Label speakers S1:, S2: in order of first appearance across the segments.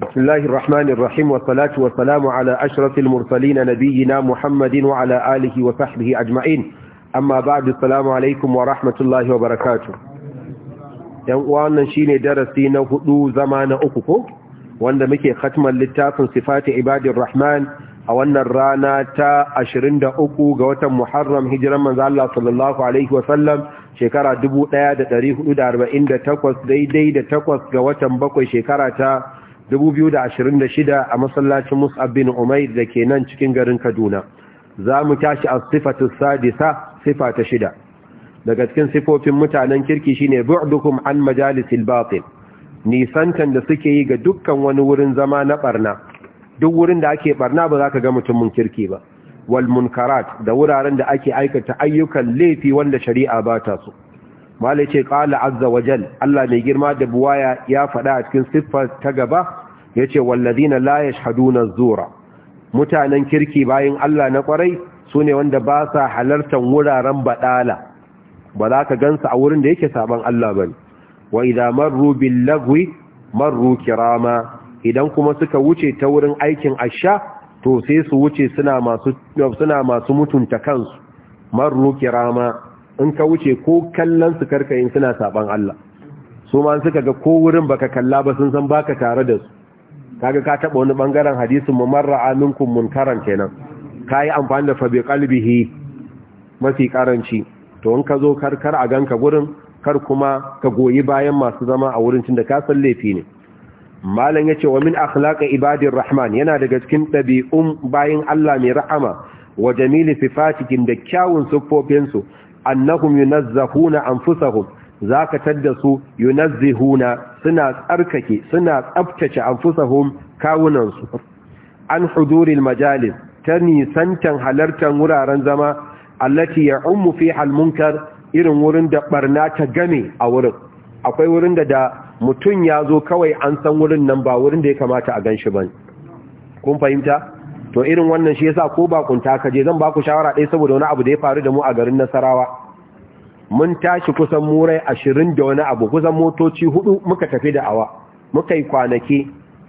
S1: بسم الله الرحمن الرحيم والصلاة والسلام على أشرف المرسلين نبينا محمد وعلى آله وصحبه أجمعين أما بعد السلام عليكم ورحمة الله وبركاته وأن شيني درسي نهدو زمان أكفو وأن مكي ختم للتاف صفات عباد الرحمن أو أن الرانا تا أشرين دا أكو قوتا محرم هجرا من ذا الله صلى الله عليه وسلم شكرا دبو لا دا تاريخ دا أربعين دا تقوس دي دي دا تقوس قوتا بقوي شكرا تا 2026 a masallacin Mus'ab bin Umair da ke nan cikin garin Kaduna. Za mu tashi a sifatu sadisa sifa ta shida. Daga cikin sifofin mutanen kirki shine bu'dukum an majalisil batil. Nisantan da suke yi ga dukkan wani wurin zama na barna. Duk wurin da ake ɓarna ba za ka ga mutumin kirki ba. Wal munkarat da wuraren da ake aikata ayyukan laifi wanda shari'a ba ta so. malai ce ƙala azza Allah mai girma da buwaya ya faɗa a cikin siffar ta gaba Ya ce yace wallazina la haduna zura mutanen kirki bayan Allah na kwarai sune wanda ba sa halartar wuraren baɗala. ba za ka gansa a wurin da yake saban Allah ba ne. wa idan marru bil lagwi marru kirama idan kuma suka wuce ta wurin aikin asha to sai su wuce suna masu mutunta kansu marru kirama in ka wuce ko kallon su karka yin suna saban Allah su ma suka ga ko wurin baka kalla ba sun san baka tare da su kaga ka taba wani bangaren hadisin mu marra aminkum munkaran kenan kai amfani da fabi qalbihi mafi karanci to in ka zo karkar a ganka gurin kar kuma ka goyi bayan masu zama a wurin tunda ka san laifi ne malam yace wa min akhlaqi ibadir rahman yana daga cikin dabi'un bayin Allah mai rahama wa jamilu sifatikin da kyawun siffofinsu annahum yunazzahuna anfusahum zaka tadda su yunazzihuna suna tsarkake suna tsaftace anfusahum kawunan su an huduril majalis ta nisantan halartar wuraren zama allati ya'ummu hal munkar irin wurin da barna ta game a wurin akwai wurin da da mutum ya zo kawai an san wurin nan ba wurin da ya kamata a gan shi ba kun fahimta to irin wannan shi yasa ko bakunta ka je zan ba ku shawara ɗaya saboda wani abu da ya faru da mu a garin nasarawa mun tashi kusan murai ashirin da wani abu kusan motoci hudu muka tafi da awa muka yi kwanaki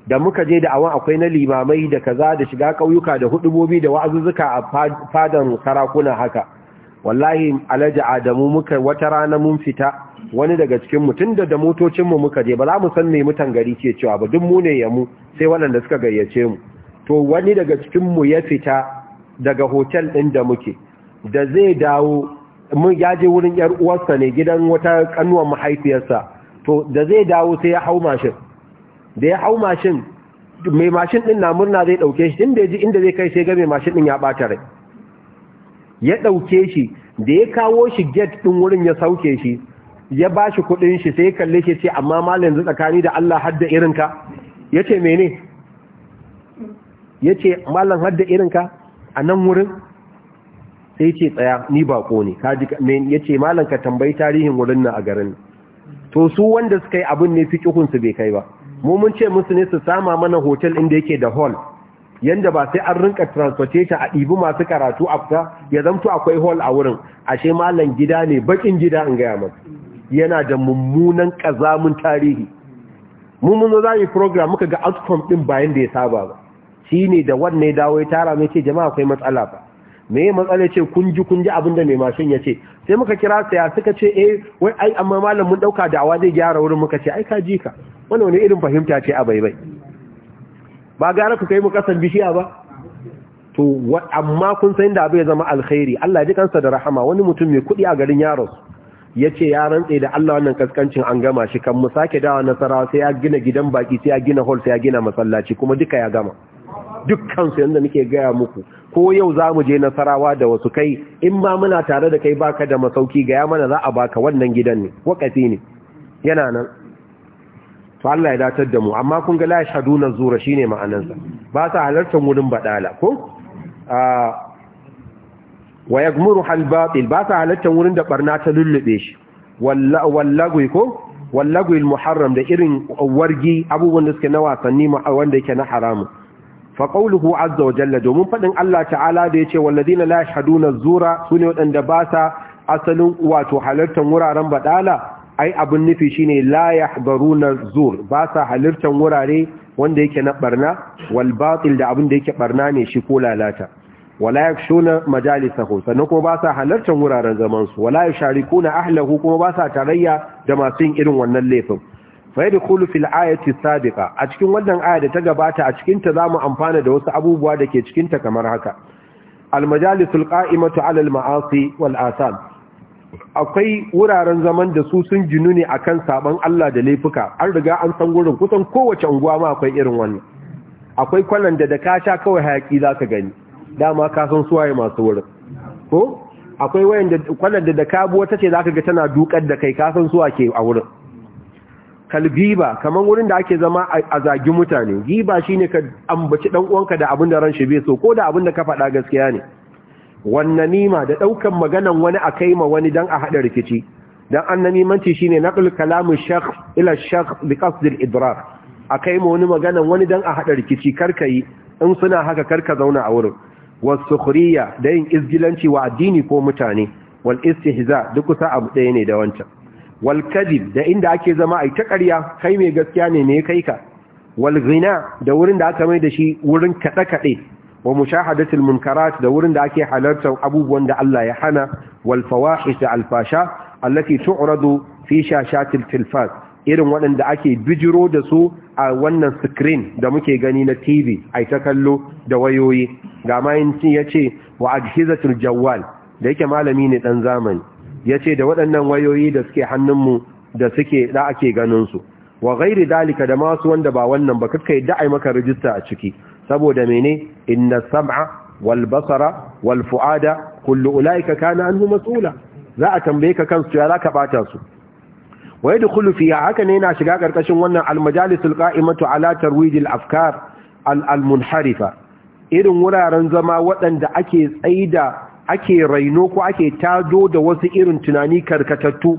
S1: da muka je da awa akwai na limamai da kaza da shiga kauyuka da hudubobi da wa'azuzzuka a fadan sarakuna haka wallahi alhaji adamu muka wata rana mun fita wani daga cikin mutum da da motocinmu muka je ba za mu san me mutan gari ke cewa ba duk mune ne ya mu sai waɗanda suka gayyace mu to wani daga cikinmu ya fita daga hotel ɗin da muke da zai dawo mun ya je wurin yar uwarsa ne gidan wata kanuwar mahaifiyarsa to da zai dawo sai ya hau mashin da ya hau mashin mai mashin din na murna zai dauke shi inda ji inda zai kai sai ga mai mashin din ya bata rai ya dauke shi da ya kawo shi gate din wurin ya sauke shi ya bashi kudin shi sai ya kalle shi ce amma malam yanzu tsakani da Allah hadda irinka yace mene yace malam hadda irinka a nan wurin sai ce tsaya ni bako ne ya ce malam ka tambayi tarihin wurin nan a garin to su wanda suka yi abin ne fikihunsu bai kai ba mu mun ce musu ne su sama mana hotel inda yake da hall yanda ba sai an rinka transportation a ɗibi masu karatu a ya zamto akwai hall a wurin ashe malam gida ne bakin gida in gaya maka yana da mummunan kazamun tarihi mun mun zo za mu program muka ga outcome din bayan da ya saba ba shine da wannan dawo ya tara mai ce jama'a akwai matsala ba me matsala ce kun ji kun ji abin da mai mashin ya ce sai muka kira saya suka ce eh wai ai amma malam mun dauka awa zai gyara wurin muka ce ai ka ji ka wannan wani irin fahimta ce a baibai ba gara ku kai mu kasan bishiya ba to amma kun san da bai zama alkhairi Allah ya ji kansa da rahama wani mutum mai kuɗi a garin yaron ya ce ya rantse da Allah wannan kaskancin an gama shi kan mu sake dawa nasarawa sai ya gina gidan baki sai ya gina hall sai ya gina masallaci kuma duka ya gama dukkan su yanda nake gaya muku ko yau za mu je nasarawa da wasu kai in ma muna tare da kai baka da masauki ga ya mana za a baka wannan gidan ne wakati ne yana nan to Allah ya datar da mu amma kun ga la yashhaduna zura shine ma'anarsa ba sa halartar wurin badala ko a wa yagmuru hal batil ba sa halartar wurin da barna ta lullube shi wallagwi ko wallagwi al muharram da irin wargi abubuwan da suke na wasanni wanda yake na haramun fa qawluhu azza domin faɗin Allah ta'ala da yace walladina la yashhaduna zura sune waɗanda ba sa asalin wato halartar wuraren baɗala. ai abin nufi shine la yahbaruna zur ba sa halartar wurare wanda yake na barna wal da abin da yake barna ne shi ko lalata wala yakshuna majalisahu sannan kuma ba sa halartar wuraren zaman su wala yasharikuna ahlahu kuma ba sa tarayya da masu yin irin wannan laifin fa kulu fil ayati sabiqa a cikin wannan aya da ta gabata a cikin ta zamu amfana da wasu abubuwa da ke cikin ta kamar haka al majalisul qa'imatu ala al ma'asi wal asal akwai wuraren zaman da su sun jinu ne akan saban Allah da laifuka an riga an san gurin kusan kowace unguwa ma akwai irin wannan akwai kwanan da da ka sha kawai hayaki zaka gani dama ka san suwaye masu wurin ko akwai wayan da kwanan da da ka ce za ka ga tana dukar da kai ka san suwa ke a wurin kalbiba kaman wurin da ake zama a zagi mutane giba shine ka ambaci dan uwanka da abin da ran shi bai so ko da abin da ka faɗa gaskiya ne wannan nima da daukan maganan wani a ma wani dan a hada rikici dan annamimanci shine naqul kalamu shakh ila shakh bi qasd al idrar akai ma wani maganan wani dan a hada rikici karkai in suna haka karka zauna a wurin sukhriya da yin izgilanci wa addini ko mutane wal istihza duk kusa abu ɗaya ne da wancan wal da inda ake zama ai ta ƙarya kai mai gaskiya ne ne kai ka wal ghina da wurin da aka mai da shi wurin kada kade wa mushahadatul munkarat da wurin da ake halartar abubuwan da Allah ya hana wal fawahish al fasha allati tu'radu fi shashatil tilfaz irin waɗanda ake bijiro da su a wannan screen da muke gani na TV ai ta kallo da wayoyi ga mayin ya ce wa ajhizatul jawwal da yake malami ne dan zamani ya ce da waɗannan wayoyi da suke hannunmu da suke da ake ganinsu wa gairi dalika da masu wanda ba wannan ba kakai da'ai maka rijista a ciki saboda mene inna sam'a wal basara wal fu'ada kullu ulaika kana anhu mas'ula za a tambaye ka kansu ya zaka bata su wa yadkhulu fiha haka ne yana shiga karkashin wannan al majalisul qa'imatu ala tarwij al afkar al munharifa irin wuraren zama waɗanda ake tsaida ake raino ko ake tado da wasu irin tunani karkatattu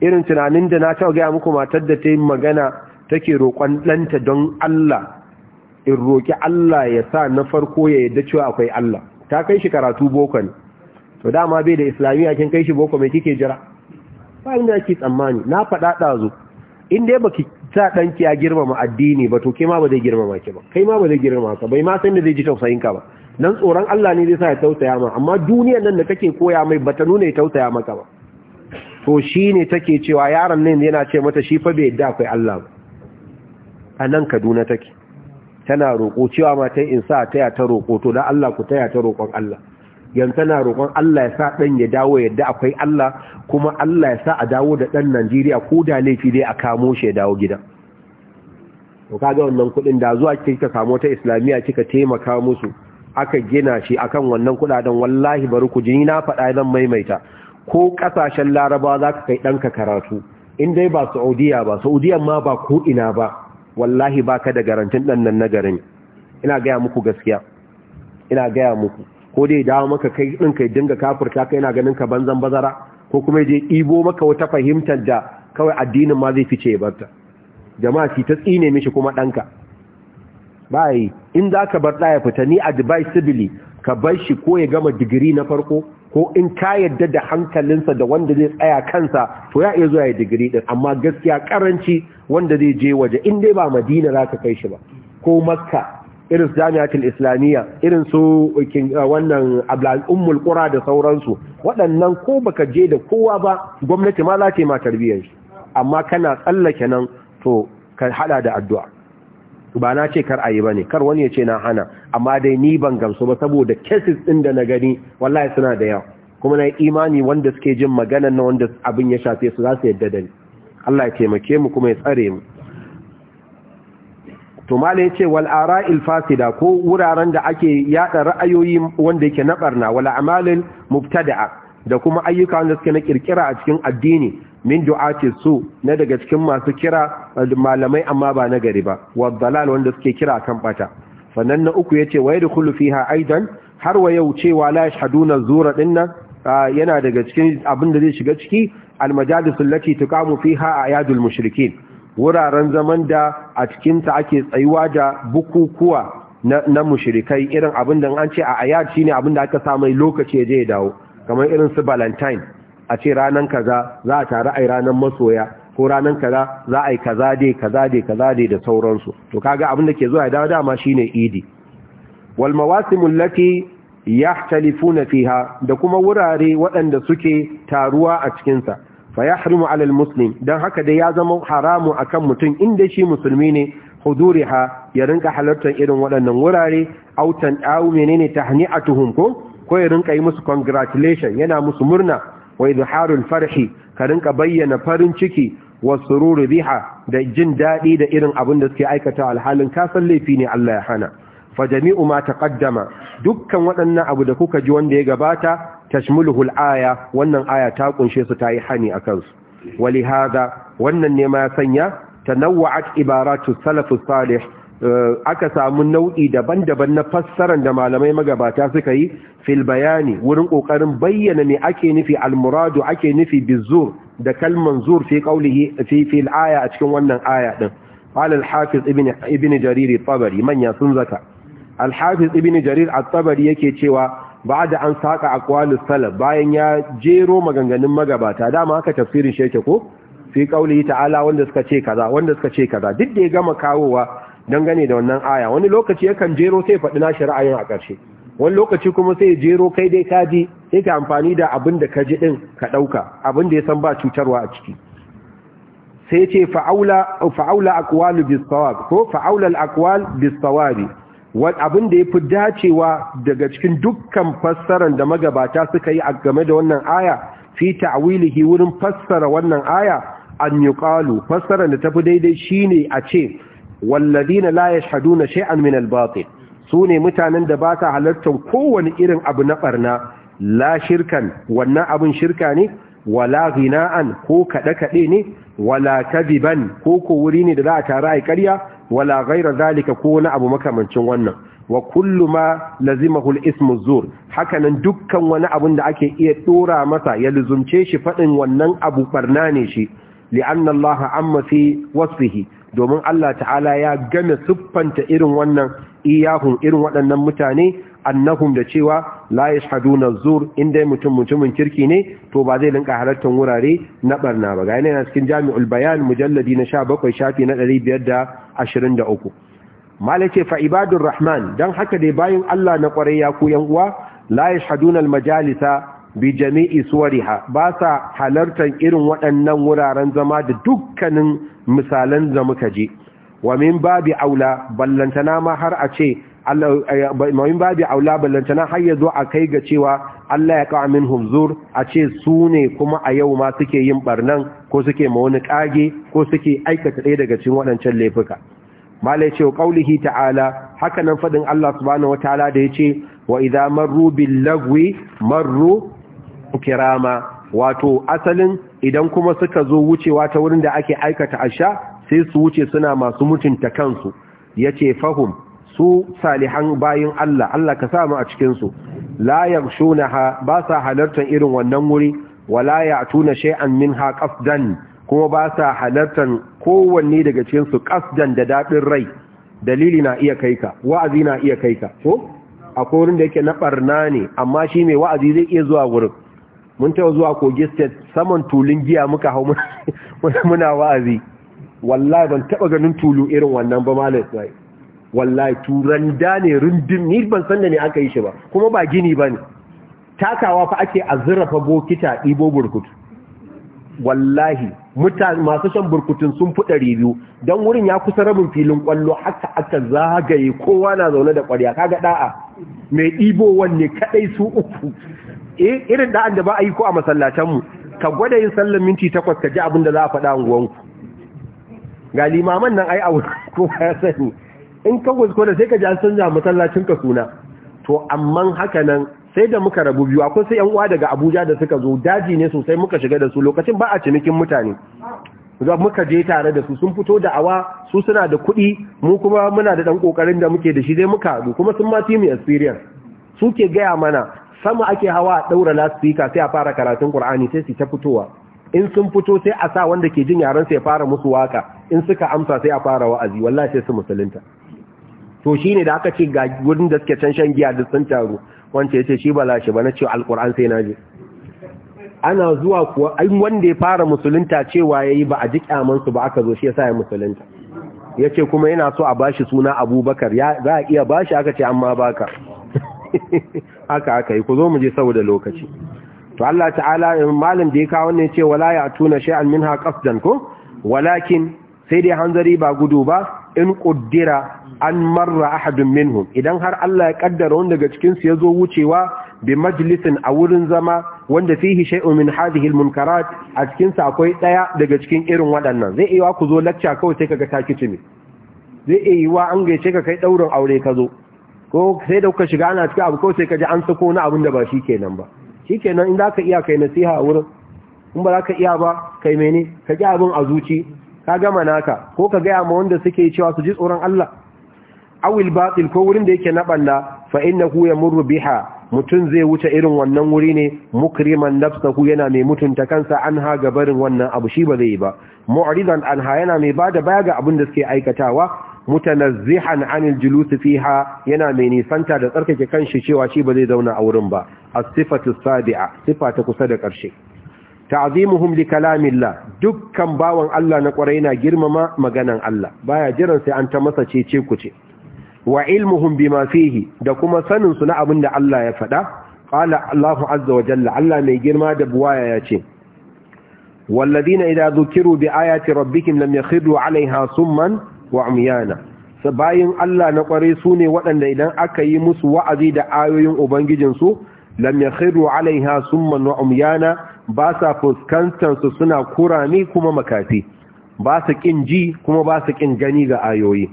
S1: irin tunanin da na taɓa gaya muku matar da ta yi magana take roƙon ɗanta don Allah in roƙi Allah ya sa na farko ya yadda cewa akwai Allah ta kai shi karatu boko ne to dama bai da islamiyya kin kai shi boko mai kike jira ba inda ake tsammani na faɗa ɗazu in dai baki sa ɗanki ya girmama addini ba to kai ma ba zai girmama ki ba kai ma ba zai girmama ka bai ma san da zai ji tausayin ka ba Nan tsoron Allah ne zai sa ya tausaya ma amma duniyar nan da kake koya mai bata nuna ya tausaya maka ba to shi ne take cewa yaron nan yana ce mata shi fa bai yadda akwai Allah ba A nan Kaduna take tana roƙo cewa ma ta in sa taya ta roƙo to dan Allah ku taya ta roƙon Allah yan tana roƙon Allah ya sa dan ya dawo yadda akwai Allah kuma Allah ya sa a dawo da dan Najeriya ko da laifi dai a kamo shi ya dawo gida to kaga wannan kudin da zuwa kika samu ta islamiya kika taimaka musu aka gina shi akan wannan kudaden wallahi bari ku jini na faɗa zan maimaita ko kasashen laraba za ka kai ɗanka karatu in dai ba saudiya ba saudiya ma ba ko ina ba wallahi ba ka da garantin ɗan nan na garin ina gaya muku gaskiya ina gaya muku ko dai dawo maka kai ɗin kai dinga kafurta kai na ganin ka banzan bazara ko kuma je ibo maka wata fahimtar da kawai addinin ma zai fice ya barta jama'a ki ta tsine mishi kuma ɗanka ba yi in za ka bar ɗaya fita ni sibili ka bar shi ko ya gama digiri na farko ko in ka yadda da hankalinsa da wanda zai tsaya kansa to ya iya zuwa ya digiri din amma gaskiya karanci wanda zai je waje in dai ba madina za ka kai shi ba ko makka irin jami'atul islamiyya irin su uh, uh, wannan ummul qura da sauransu waɗannan ko baka je da kowa ba gwamnati ma za ta yi ma tarbiyyar shi amma kana tsallake nan to ka hada da addu'a ba na ce kar a yi ba ne kar wani ya ce na hana amma dai ni ban gamsu ba saboda cases ɗin da na gani wallahi suna da yawa kuma na yi imani wanda suke jin maganan na wanda abin ya shafe su za su yadda da ni Allah ya taimake mu kuma ya tsare mu to mala yace wal ara'il fasida ko wuraren da ake yada ra'ayoyi wanda yake na barna wal amalin mubtada da kuma ayyuka wanda suke na kirkira a cikin addini min du'ati su na daga cikin masu kira malamai amma ba na gari ba wa dalal wanda suke kira kan bata sannan na uku yace wa yadkhulu fiha aidan har wa yau cewa la yashhaduna zura dinna yana daga cikin abin da zai shiga ciki al majalisul lati tuqamu fiha ayadul mushrikin wuraren zaman da a cikin ta ake tsayuwa da bukukuwa na mushrikai irin abin da an ce a ayat shine abin da aka sa mai lokaci ya je ya dawo kamar irin su valentine a ce ranan kaza za a taru a ranan masoya ko ranan kaza za a yi kaza dai kaza dai kaza dai da sauransu to kaga abin da ke zuwa da dama shine idi wal mawasimul lati yahtalifuna fiha da kuma wurare waɗanda suke taruwa a cikin sa fa yahrimu alal muslim dan haka dai ya zama haramu akan mutum inda shi musulmi ne huduriha ya rinka halartar irin waɗannan wurare autan awu menene tahni'atuhum ko ko ya rinka yi musu congratulation yana musu murna wa izharul farhi ka rinka bayyana farin ciki wa sururu riha da jin dadi da irin abin da suke aikata alhalin kasan laifi ne Allah ya hana fa jami'u ma taqaddama dukkan waɗannan abu da kuka ji wanda ya gabata tashmuluhu al-aya wannan aya ta kunshe su tayi hani akan su walihada wannan ne ma ya sanya tanawwa'at ibaratu salafus salih Eh, aka samu nau'i daban-daban na fassarar da malamai magabata suka yi fil bayani wurin kokarin bayyana me ake nufi almuradu ake nufi bizur da kalman zur fi qawlihi fi fil aya a cikin wannan aya din qala al-hafiz ibn ibn jarir at-tabari manya sun zaka al-hafiz ibn jarir at-tabari yake cewa ba'da an saka aqwalus salaf bayan ya jero maganganun magabata dama aka tafsirin shi yake ko fi qawlihi ta'ala wanda suka ce kaza wanda suka ce kaza duk da ya gama kawowa dangane da wannan aya wani lokaci yakan jero sai faɗi nashi ra'ayin a ƙarshe wani lokaci kuma sai jero kai dai ka ji sai ka amfani da abin da ka ji ɗin ka ɗauka abin da ya san ba cutarwa a ciki sai ce fa'aula fa'aula aqwalu ko fa'aula akwal bisawabi abin da ya fi dacewa daga cikin dukkan fassarar da magabata suka yi a game da wannan aya fi ta'wilihi wurin fassara wannan aya an yuqalu fassarar da ta fi daidai shine a ce walladina la yashhaduna shay'an min al-batil sune mutanen da ba ta halartar kowane irin abu na barna la shirkan wannan abin shirka ne wala ghina'an ko kaɗe-kaɗe ne wala kadiban ko ko wuri ne da za a tara yi ƙarya wala gaira zalika ko wani abu makamancin wannan wa kullu ma lazimahu al-ismu zur hakanan dukkan wani abun da ake iya dora masa ya luzumce shi fadin wannan abu barna ne shi li'anna Allah amma fi wasfihi domin Allah ta'ala ya game siffanta irin wannan iyahun irin waɗannan mutane annahum da cewa la yashhaduna zur inda mutum mutumin kirki ne to ba zai linka halartar wurare na barna ba ga yana cikin jami'ul bayan mujalladi na 17 shafi na 523 malace fa ibadur rahman dan haka dai bayin Allah na kwarai ya ku yan uwa la yashhaduna al majalisa bi jami'i suwariha ba sa halartar irin waɗannan wuraren zama da dukkanin misalan da muka je wa babi aula ballantana ma har a ce min babi aula ballantana har ya zo a kai ga cewa Allah ya kawo min humzur a ce su ne kuma a yau ma suke yin barnan ko suke ma ƙage, ko suke aikata ɗaya daga cikin waɗancan laifuka malai ce ƙaulihi ta'ala haka nan Allah subhanahu wataala da ce wa idza marru bil lagwi marru kirama wato asalin idan kuma suka zo wucewa ta wurin da ake aikata asha sai su wuce suna masu mutunta kansu yace fahum su salihan bayin Allah Allah ka mu a cikinsu. su la ba sa halartar irin wannan wuri wala ya'tuna shay'an minha qasdan kuma ba sa halartar kowanne daga cikinsu su qasdan da dadin rai dalili na iya kai ka wa'azi na iya kai ka ko akwai wurin da yake na barna ne amma shi mai wa'azi zai iya zuwa wurin mun taɓa zuwa kogi state saman tulun giya muka hau muna wa'azi wallahi ban taɓa ganin tulu irin wannan ba malam wallahi turan da ne rundun ni ban san da ne aka yi shi ba kuma ba gini ba ne takawa fa ake azurrafa bokita ɗibo burkutu wallahi masu shan burkutun sun fi ɗari biyu don wurin ya kusa rabin filin ƙwallo haka aka zagaye kowa na zaune da ƙwarya kaga ɗa'a mai ɗibo wanne kaɗai su uku irin da'an da ba a yi ko a masallatanmu ka gwada yin sallar minti takwas ka ji abin da za a faɗa unguwanku ga limaman nan ai abu ko ya sani in ka da sai ka ji an sanya masallacin ka suna to amma haka nan sai da muka rabu biyu akwai sai yan uwa daga Abuja da suka zo daji ne sosai muka shiga da su lokacin ba a cinikin mutane za muka je tare da su sun fito da awa su suna da kuɗi mu kuma muna da ɗan ƙoƙarin da muke da shi zai muka haɗu kuma sun ma mu experience ke gaya mana sama ake hawa a ɗaura lasifika sai a fara karatun ƙur'ani sai su ta fitowa in sun fito sai a sa wanda ke jin yaran sai ya fara musu waka in suka amsa sai a fara wa'azi wallahi sai su musulunta to shine da aka ce ga wurin da suke can shan giya da sun taru wance yace shi bala shi bana ce alquran sai naje ana zuwa kuwa ai wanda ya fara musulunta cewa yayi ba a ji kyaman su ba aka zo shi yasa ya musulunta yace kuma yana so a bashi suna Abubakar ya za a iya bashi aka ce amma baka aka aka yi ku zo mu je saboda lokaci to Allah ta'ala malam da ya kawo ne ce wala ya tuna shay'an minha qasdan ko walakin sai dai hanzari ba gudu ba in ƙuddira an marra ahadun minhum idan har Allah ya kaddara wanda daga cikin su yazo wucewa bi majlisin a wurin zama wanda fihi shay'un min hadhihi almunkarat a cikin sa akwai daya daga cikin irin waɗannan zai iya ku zo lecture kawai sai kaga ta zai iya wa an gaishe ka kai daurin aure ka zo ko sai da kuka shiga ana cikin abu ko sai ka ji an sako na abin da ba shi kenan ba shi kenan in za ka iya kai nasiha a wurin in ba za ka iya ba kai mene ka ji abin a zuci ka gama naka ko ka gaya ma wanda suke cewa su ji tsoron Allah awil batil ko wurin da yake na banda fa innahu yamurru biha mutun zai wuce irin wannan wuri ne mukriman nafsahu yana mai mutunta kansa an ha gabarin wannan abu shi ba zai yi ba mu'ridan anha yana mai bada baya ga abin da suke aikatawa mutanazzihan anil julus fiha yana mai nisanta da tsarkake kanshi cewa shi ba zai zauna a wurin ba a sifatu sabi'a sifa ta kusa da ƙarshe ta'zimuhum li kalamillah dukkan bawan Allah na kwarai na girmama maganan Allah baya jiran sai an ta masa cece kuce wa ilmuhum bima fihi da kuma sanin su na abin da Allah ya faɗa qala Allahu azza wa jalla Allah mai girma da buwaya ya ce والذين إذا ذكروا بآيات ربهم لم يخروا عليها صمّا wa amyana bayin Allah na kware su ne waɗanda idan aka yi musu wa'azi da ayoyin ubangijinsu lam yakhiru alaiha summan wa amyana ba sa fuskantar su suna kurani kuma makafi ba su ƙin ji kuma ba su ƙin gani ga ayoyi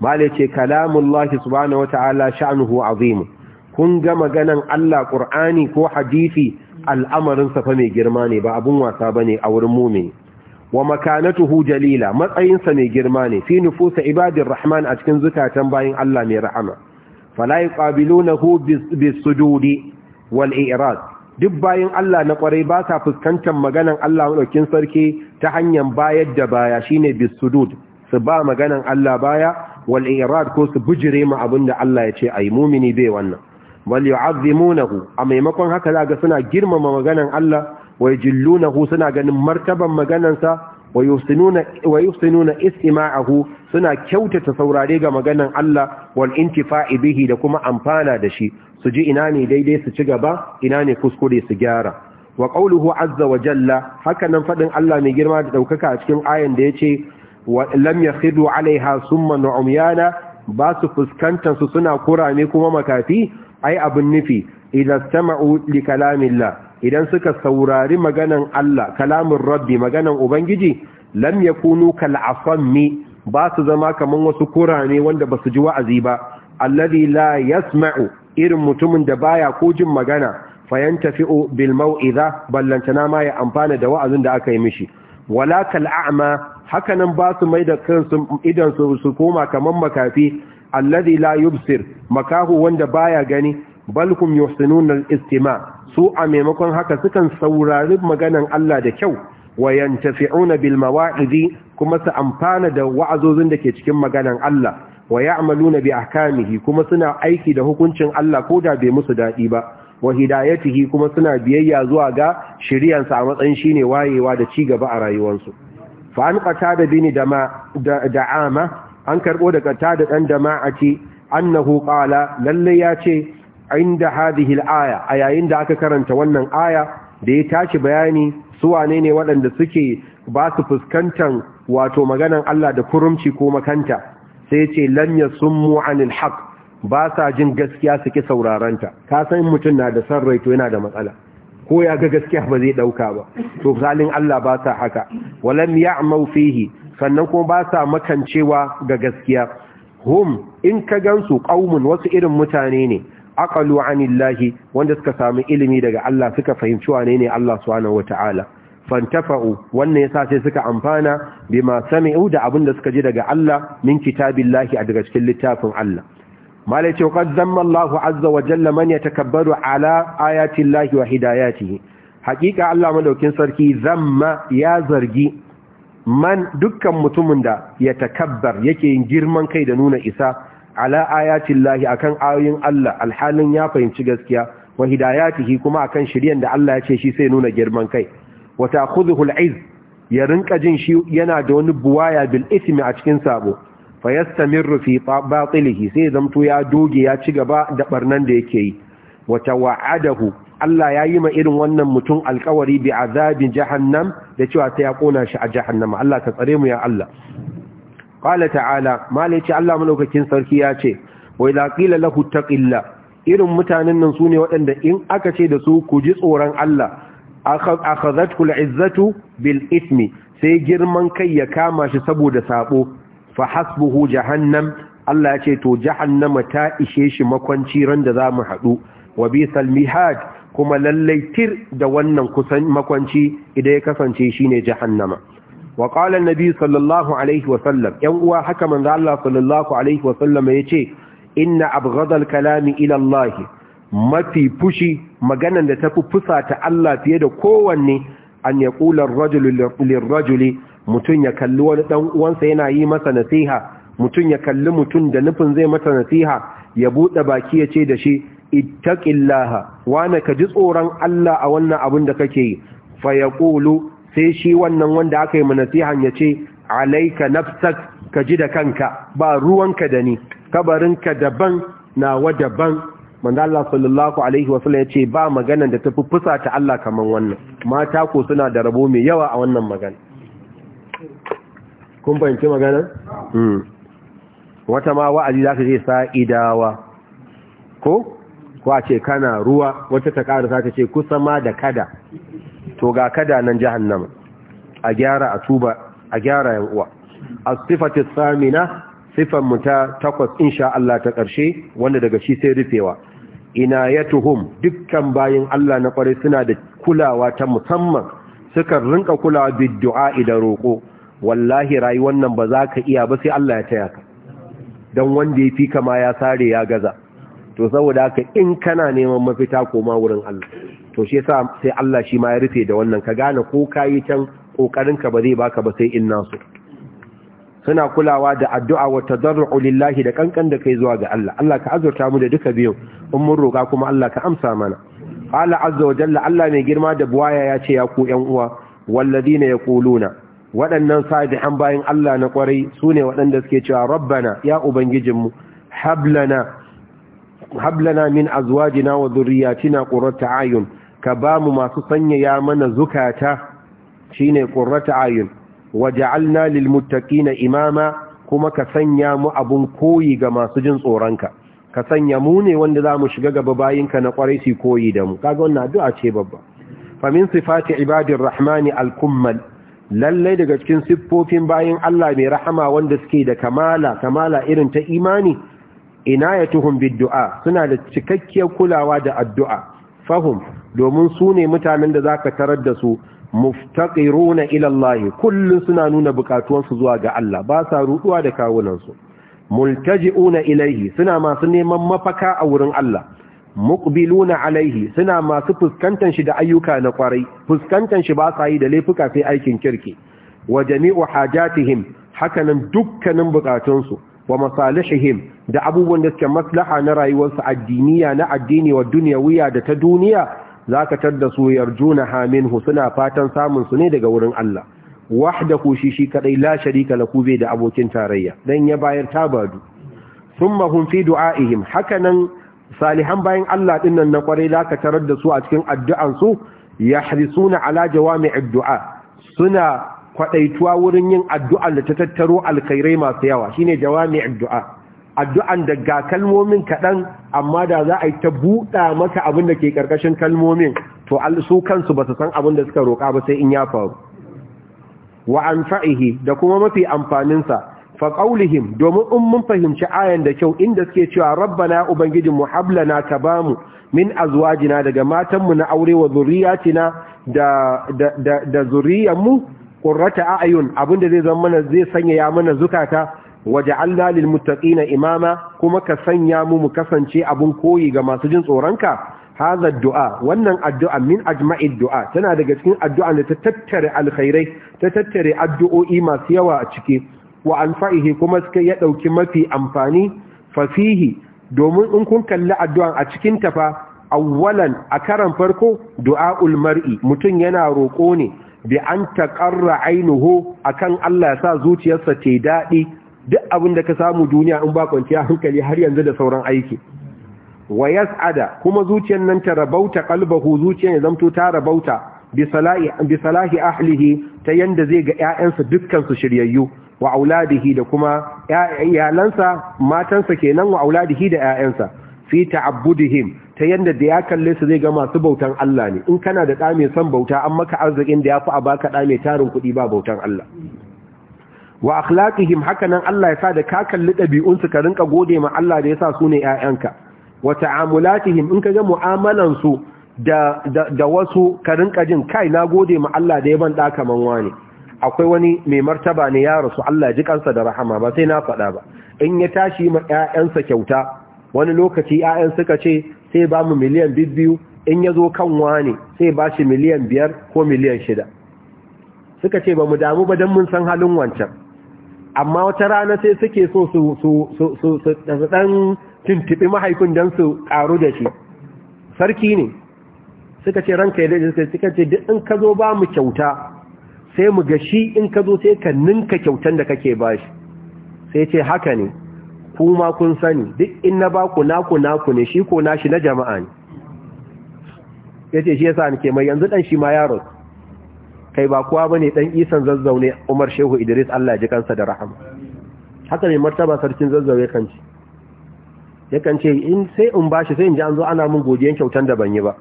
S1: male ce kalamullahi subhanahu wataala sha'nuhu azim kun ga maganan Allah Qur'ani ko hadisi al'amarin fa mai girma ne ba abin wasa bane a wurin mu'mini wa makanatuhu jalila matsayinsa mai girma ne fi nufusa ibadir rahman a cikin zukatan bayin Allah mai rahama fala yuqabilunahu bisujudi wal i'rad duk bayin Allah na kwarai ba sa fuskantar maganan Allah madaukin sarki ta hanyar bayar da baya shine bisudud su ba maganan Allah baya wal i'rad ko su bujire ma abinda Allah ya ce ai mumini bai wannan wal yu'azzimunahu a maimakon haka zaga suna girmama maganan Allah wai jillunahu suna ganin martaban maganansa wai yusinuna istima'ahu suna kyautata saurare ga maganan Allah wal intifa'i bihi da kuma amfana da shi su ji ina ne daidai su ci gaba ina ne kuskure su gyara wa qauluhu azza wa jalla haka fadin Allah mai girma da daukaka a cikin ayan da yace lam yakhidu 'alayha summa nu'miyana ba su fuskantar su suna kurame kuma makafi ai abun nufi idan sama'u li kalamillah idan suka saurari maganan Allah kalamin rabbi maganan ubangiji lam yakunu kal asammi ba su zama kamar wasu kurane wanda ba su ji wa'azi ba alladhi la yasma'u irin mutumin da baya ko jin magana fayantafi'u bil mau'iza ballantana ma ya amfana da wa'azin da aka yi mishi wala kal'ama hakanan ba su mai da kansu idan su koma kamar makafi alladhi la yubsir makahu wanda baya gani balkum yuhsinuna al-istima su a maimakon haka sukan saurari maganan Allah da kyau wa yantafi'una bil mawa'idi kuma su amfana da wa'azozin da ke cikin maganan Allah wa ya'maluna bi ahkamihi kuma suna aiki da hukuncin Allah ko da bai musu dadi ba wa hidayatihi kuma suna biyayya zuwa ga shiriyansa a matsayin shine wayewa da ci gaba a rayuwarsu fa an qatada bini dama da'ama an karbo daga da dan dama'ati annahu qala lalle ya ce inda hadhihi al-aya a yayin da aka karanta wannan aya da ya tashi bayani su wane ne waɗanda suke ba su fuskantar wato maganan Allah da kurumci ko makanta sai ce lan yasummu anil haqq ba sa jin gaskiya su sauraranta ka san mutum na da san rai to yana da matsala ko ya ga gaskiya ba zai dauka ba to zalin Allah ba sa haka walam ya'mau fihi sannan kuma ba sa makancewa ga gaskiya hum in ka gansu qaumun wasu irin mutane ne aqalu anillahi wanda suka samu ilimi daga Allah suka fahimci wane ne Allah subhanahu wataala fantafa'u wannan yasa sai suka amfana bima sami'u da abin da suka ji daga Allah min kitabillahi a daga cikin littafin Allah malai ce qad zamma Allahu azza wa jalla man yatakabbaru ala ayati Allahi wa hidayatihi haqiqa Allah madaukin sarki zamma ya zargi man dukkan mutumin da ya takabbar yake yin girman kai da nuna isa ala ayatin lahi akan ayoyin Allah alhalin ya fahimci gaskiya wa hidayatihi kuma akan shiryan da Allah ya ce shi sai nuna girman kai Wata kudu Hul'iz ya rinka jin shi yana da wani buwaya bil ismi a cikin sabo fa yastamirru fi batilihi sai zamto ya doge ya ci gaba da barnan da yake yi Wata tawa'adahu Allah ya yi ma irin wannan mutum alkawari bi azabin jahannam da cewa ta ya kona shi a jahannama Allah ka tsare mu ya Allah qala ta'ala malaci Allah malaukakin sarki ya ce wa idza qila lahu taqilla irin mutanen nan sune waɗanda in aka ce da su ku ji tsoron Allah akhadhatku al'izzatu bil ismi sai girman kai ya kama shi saboda sabo fa hasbuhu jahannam Allah ya ce to jahannama ta ishe shi makwanci ran da zamu hadu wa mihad kuma lallai tir da wannan kusan makwanci idan ya kasance shine jahannama wa qala annabi sallallahu yan uwa haka manzo Allah sallallahu alaihi wa sallam yace inna abghadha kalami ila mafi fushi maganan da tafi fusata Allah fiye da kowanne an yaqula ar-rajulu lir ya kalli wani ɗan uwansa yana yi masa nasiha mutum ya kalli mutum da nufin zai masa nasiha ya buɗe baki ya ce da shi ittaqillaha wana ka ji tsoron Allah a wannan abin da kake yi fa yaqulu sai shi wannan wanda aka yi nasihan ya ce alaika nafsak ka ji da kanka ba ruwanka da ni kabarinka daban wa daban manzo Allah sallallahu alaihi wasallam ya ce ba magana da tafi fusa ta Allah kaman wannan mata ko suna da rabo mai yawa a wannan magana kun fahimci magana mm wata ma wa'azi zaka ce sa'idawa ko ko a ce kana ruwa wata ta ƙara ta ce kusa ma da kada to ga kada nan jahannama a gyara a tuba a gyara yan uwa a sifatu samina, sifan mu ta takwas insha Allah ta ƙarshe wanda daga shi sai rufewa ina ya tuhum dukkan bayan Allah na ƙwarai suna da kulawa ta musamman suka rinka kulawa bi idan roƙo wallahi rayuwar nan ba za ka iya ba sai Allah ya taya ka don wanda ya fi kama ya sare ya gaza to saboda haka in kana neman mafita koma wurin Allah to shi yasa sai Allah shi ma ya rufe da wannan ka gane ko kayi can kokarin ka ba zai baka ba sai inna su? suna kulawa da addu'a wa tadarru lillahi da kankan da kai zuwa ga Allah Allah ka azurta mu da duka biyun in mun roka kuma Allah ka amsa mana qala azza wa jalla Allah mai girma da buwaya ya ce ya ku yan uwa walladina yaquluna waɗannan an bayin Allah na kwarai sune waɗanda suke cewa rabbana ya ubangijin mu hablana hablana min azwajina wa dhurriyyatina qurrata ayun ka ba mu masu sanyaya mana zukata shi shine ƙurrata ayun waj'alna lil na imama kuma ka sanya mu abun koyi ga masu jin tsoronka ka sanya mu ne wanda zamu shiga gaba bayinka na kwarai su koyi da mu kaga wannan addu'a ce babba famin sifati ibadir rahmani al lallai daga cikin siffofin bayin Allah mai rahama wanda suke da kamala kamala irin ta imani ya bid du'a suna da cikakkiyar kulawa da addu'a fahum domin su ne mutanen da za ka tarar da su muftaƙiru na ilallahi kullum suna nuna bukatuwansu zuwa ga Allah ba sa ruduwa da kawunansu una ilaihi suna masu neman mafaka a wurin Allah na alaihi suna masu fuskantar shi da ayyuka na kwarai fuskantar shi ba sa yi da laifuka sai aikin kirki wa jami'u hajatihim hakanan dukkanin bukatunsu wa masalihihim da abubuwan da suke maslaha na rayuwarsu addiniya na addini wa wuya da ta duniya zaka tadda su yarjuna ha minhu suna fatan samunsu ne daga wurin Allah wahdahu shi shi kadai la sharika la kube, da abokin tarayya dan ya bayar tabadu thumma hum fi du'aihim hakanan salihan bayan Allah nan na kwarai ka tarar da su a cikin addu'an su yahrisuna ala jawami'id du'a suna kwadaituwa wurin yin addu'a da ta tattaro alkhairai masu yawa shine jawami'id du'a addu'an da ga kalmomin kaɗan amma da za a yi ta buɗa maka abin da ke ƙarƙashin kalmomin to su kansu ba su san abin da suka roƙa ba sai in ya faru wa an fa'ihi da kuma mafi amfaninsa fa ƙaulihim domin in mun fahimci ayan da kyau inda suke cewa rabbana ubangijin mu hablana ka bamu min azwajina daga matanmu na aure wa zuriyatina da da da, da zuriyanmu a'yun abinda zai zai sanya ya mana zukata waj'alna lil muttaqina imama kuma ka sanya mu mu kasance abin koyi ga masu jin tsoronka hazar du'a wannan addu'a min ajma'i du'a tana daga cikin addu'a da ta tattare alkhairai ta tattare addu'o'i masu yawa a ciki wa anfa'ihi kuma suka ya ɗauki mafi amfani fasihi domin in kun kalli addu'an a cikin ta fa awwalan a karan farko du'a'ul mar'i Mutum yana roƙo ne bi an taqarra a akan Allah ya sa zuciyarsa ta daɗi duk abin da ka samu duniya in ba kwanciya hankali har yanzu da sauran aiki wa yas'ada kuma zuciyar nan ta rabauta kalbahu zuciyar ya zamto ta rabauta bi salahi ahlihi ta yanda zai ga ƴaƴansa dukkan su shiryayyu wa auladihi da kuma iyalansa matansa kenan wa auladihi da ƴaƴansa fi ta'abbudihim ta yanda da ya kalle su zai ga masu bautan Allah ne in kana da ɗa mai son bauta an maka arzikin da ya fi a baka ɗa mai tarin kuɗi ba bautan Allah wa akhlaqihim hakanan Allah ya sa da ka kalli ɗabi'unsu ka rinka gode ma Allah da yasa su ne ‘ya'yanka wa ta'amulatihim in ka ga mu'amalansu da, da, wasu ka rinka jin kai na gode ma Allah da ya ban kaman wani akwai wani mai martaba ne ya rasu Allah ji kansa da rahama ba sai na faɗa ba in ya tashi ma ‘ya'yansa kyauta wani lokaci ‘ya'yan suka ce sai ba mu miliyan biyu in ya zo kan wani sai ba shi miliyan biyar ko miliyan shida suka ce ba mu damu ba don mun san halin wancan amma wata rana sai suke so su ɗan tuntuɓi mahaifin don su ƙaru da shi sarki ne suka ce ranka yadda suka suka ce duk in ka zo ba mu kyauta sai mu ga shi in ka zo sai ka ninka kyautan da kake ba shi sai ce haka ne ku kun sani duk in na ba ku naku naku ne shi ko nashi na jama'a ne Ya ce shi yasa ke mai yanzu ɗan shi ma yaro kai ba kowa bane dan isan zazzaune Umar Shehu Idris Allah ji kansa da rahama haka ne martaba sarkin zazzaune kan ci yakan ce in sai in bashi sai in ji an zo ana mun godiyan kyautan da ban yi ba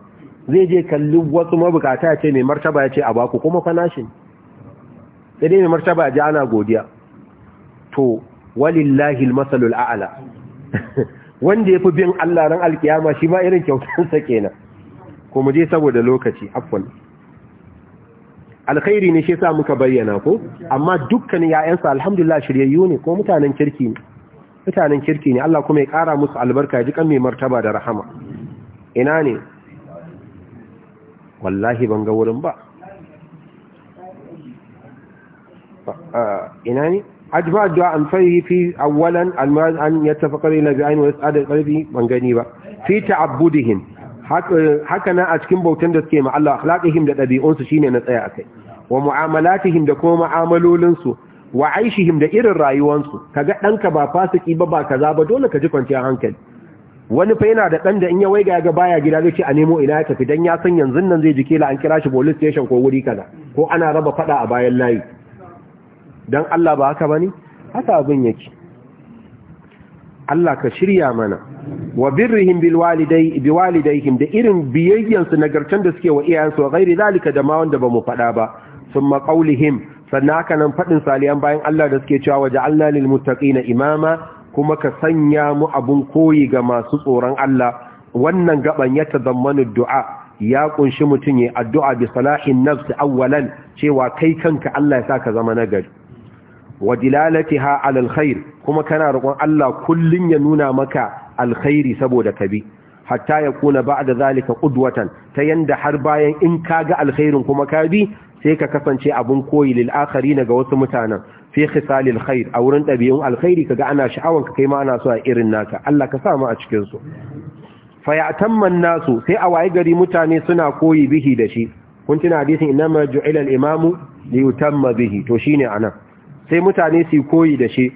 S1: zai je kalli wasu mabukata ya ce mai martaba ya ce a baku kuma fa nashi sai dai mai martaba ya ji ana godiya to walillahi almasalul a'la wanda yafi bin Allah ran alkiyama shi ma irin kyautan sa kenan Ko mu je saboda lokaci afwan alkhairi ne shi yasa muka bayyana ko amma dukkan 'ya'yansa alhamdulillah shiryayyu ne ko mutanen kirki ne mutanen kirki ne Allah kuma ya ƙara musu albarka ya ji kan mai martaba da rahama ina ne wallahi ban ga wurin ba eh, ina ne أجمع an عن فيه في an yatafaqari na يتفق wa بعين qalbi ban gani ba fi تعبدهم haka nan a cikin bautan da suke ma Allah akhlaqihim da dabi'unsu shine na tsaya akai wa mu'amalatihim da kuma mu'amalolinsu wa aishihim da irin rayuwansu kaga danka ba fasiki ba ba kaza ba dole ka ji kwanciyar hankali wani fa yana da dan da in ya waiga ga baya gida zai ce a nemo ina ya tafi dan ya san yanzu nan zai jike la an kira shi police station ko wuri kaza ko ana raba fada a bayan layi dan Allah ba haka bane haka abin yake Allah ka shirya mana wa birrihim biwalidayhim walidai da irin biyayyansu nagartan da suke wa iyayensu wa ghairi zalika da ma wanda bamu faɗa ba maƙauli him. sannan haka nan faɗin saliyan bayan Allah da suke cewa waja'alna lil muttaqina imama kuma ka sanya mu abun koyi ga masu tsoron Allah wannan gaban ya tazammanu du'a ya kunshi mutun yayi addu'a bi salahin nafsi awwalan cewa kai kanka Allah ya saka zama nagari wa dilalatiha alal khair kuma kana roƙon Allah kullun ya nuna maka alkhairi saboda kabi hatta ya kuna ba'da zalika qudwatan ta yanda har bayan in kaga alkhairin kuma kabi sai ka kasance abun koyi lil akharina ga wasu mutanen fi khisalil khair a wurin ɗabi'un alkhairi kaga ana sha'awan ka kai ma ana so a irin naka Allah ka sa mu a cikin su fa ya'tamman nasu sai a waye gari mutane suna koyi bihi da shi kun tuna hadisin inna ma ju'ila al-imamu li yutamma bihi to shine anan sai mutane su koyi da shi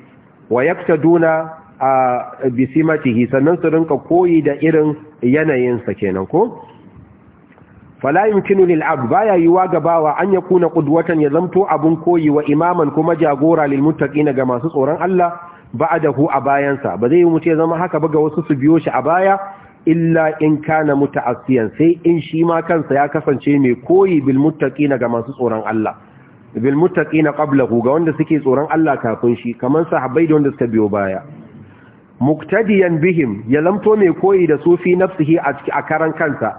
S1: wa yaktaduna a bisimatihi sannan su rinka koyi da irin yanayinsa kenan ko fala yumkinu lil abd baya yiwa gabawa an yakuna qudwatan ya zamto abun koyi wa imaman kuma jagora lil muttaqina ga masu tsoron Allah dahu a bayansa ba zai mutu ya zama haka ba ga wasu su biyo shi a baya illa in kana muta'assiyan sai in shi ma kansa ya kasance mai koyi bil muttaqina ga masu tsoron Allah bil muttaqina qablahu ga wanda suke tsoron Allah kafin shi kaman sahabbai da wanda suka biyo baya muktadiyan bihim ya lamto mai koyi da sufi nafsihi a karan kansa